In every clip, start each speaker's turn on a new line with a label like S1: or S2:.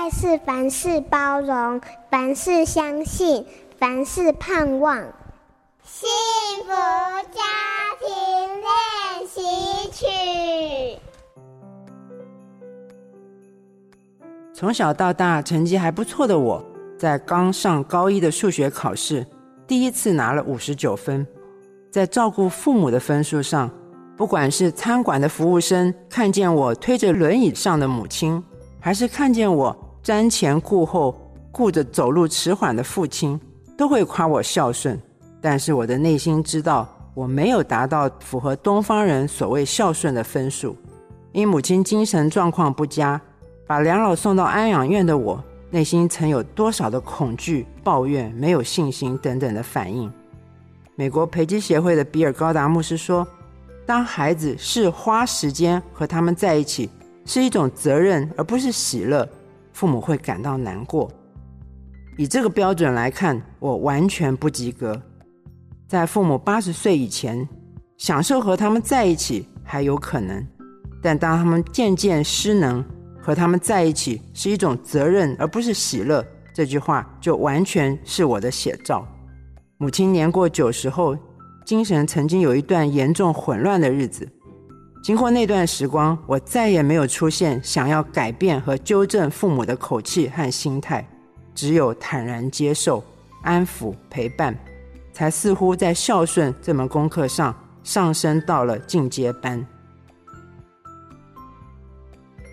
S1: 愛是凡事包容，凡事相信，凡事盼望。幸福家庭練習曲。
S2: 從小到大，成績還不錯的我，在剛上高一的數學考試，第一次拿了五十九分。在照顧父母的分數上，不管是餐館的服務生看見我推着輪椅上的母親，還是看見我。瞻前顧後，顧着走路遲緩的父親，都會誇我孝順。但是我的內心知道，我沒有達到符合東方人所謂孝順的分數。因母親精神狀況不佳，把兩老送到安養院的我，內心曾有多少的恐懼、抱怨、沒有信心等等的反應。美國培基協會的比爾·高達牧師說：“當孩子是花時間和他們在一起，是一種責任，而不是喜樂。”父母會感到難過。以這個標準來看，我完全不及格。在父母八十歲以前，享受和他們在一起還有可能，但當他們漸漸失能，和他們在一起是一種責任，而不是喜樂，這句話就完全是我的寫照。母親年過九十後，精神曾經有一段嚴重混亂的日子。經過那段時光，我再也沒有出現想要改變和糾正父母的口氣和心態，只有坦然接受、安撫陪伴，才似乎在孝順這門功課上上升到了進階班。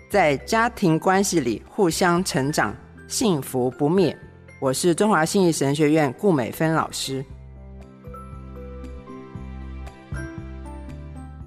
S2: 在家庭關係裡互相成長，幸福不滅。我是中華信義神學院顧美芬老師。